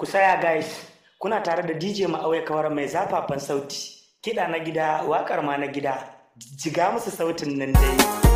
Ku saya guys, kuna tare da DJ Ma'auya Kawar mai zafafan sauti, kiɗa na gida, waƙar ma na gida, jiga musu sautin nan dai.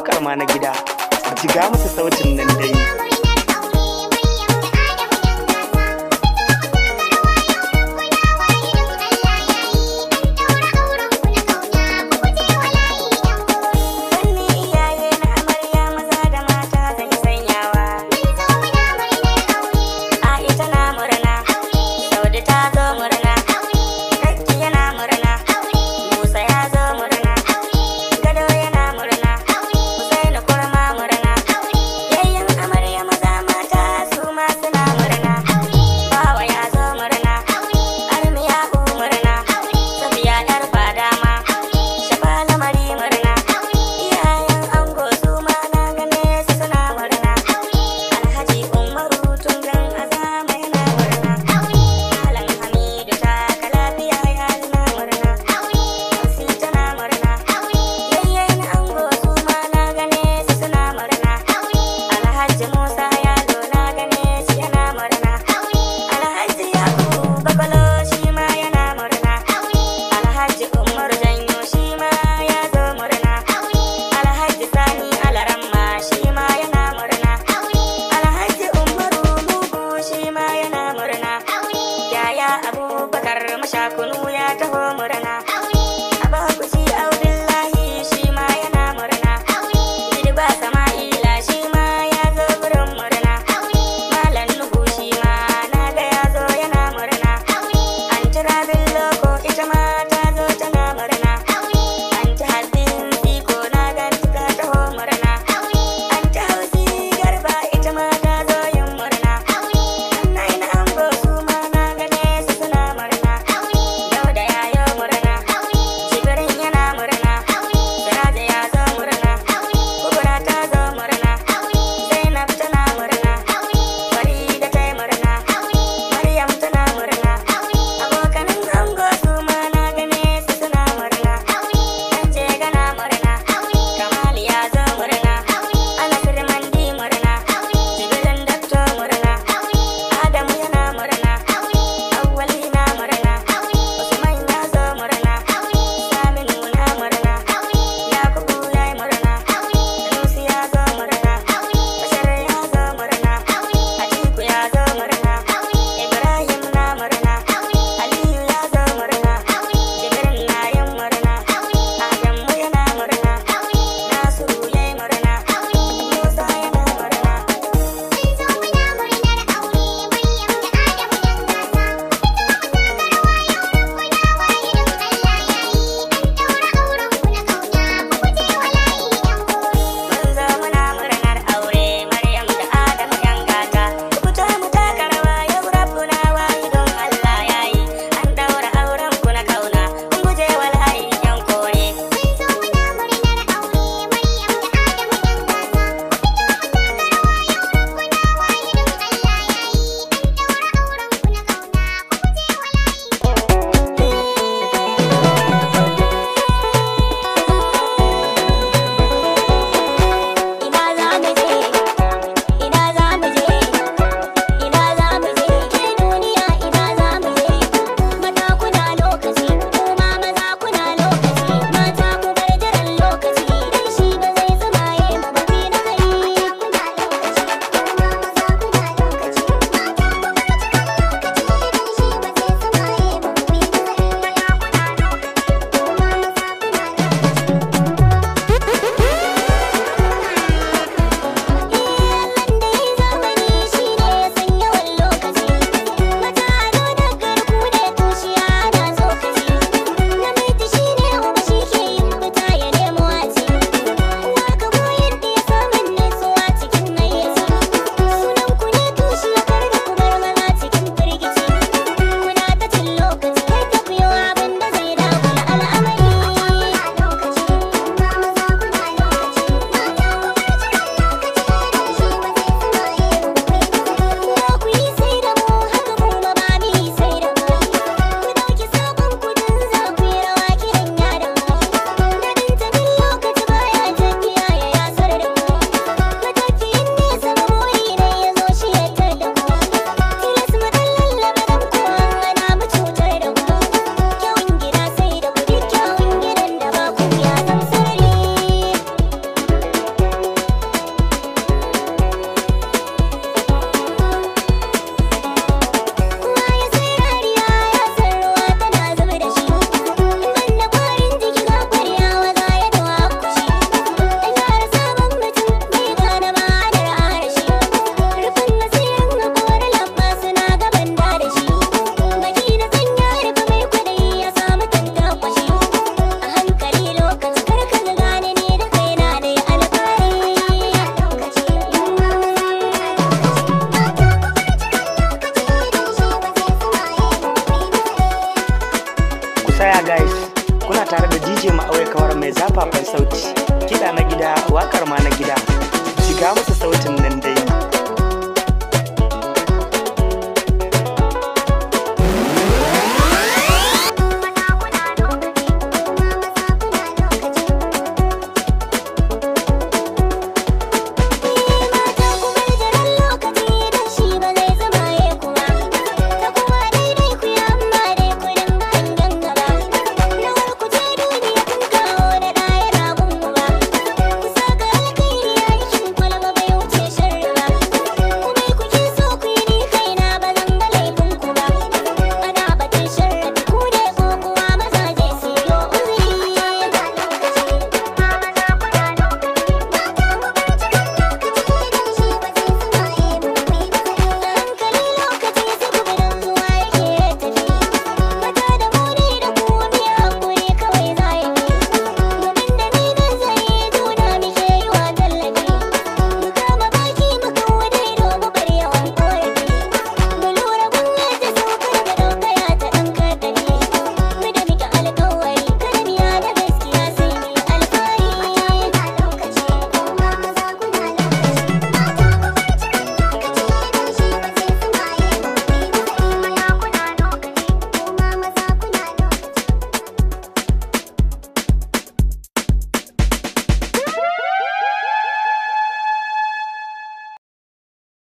waƙar ma na gida. Jiga musu sautin nan dai.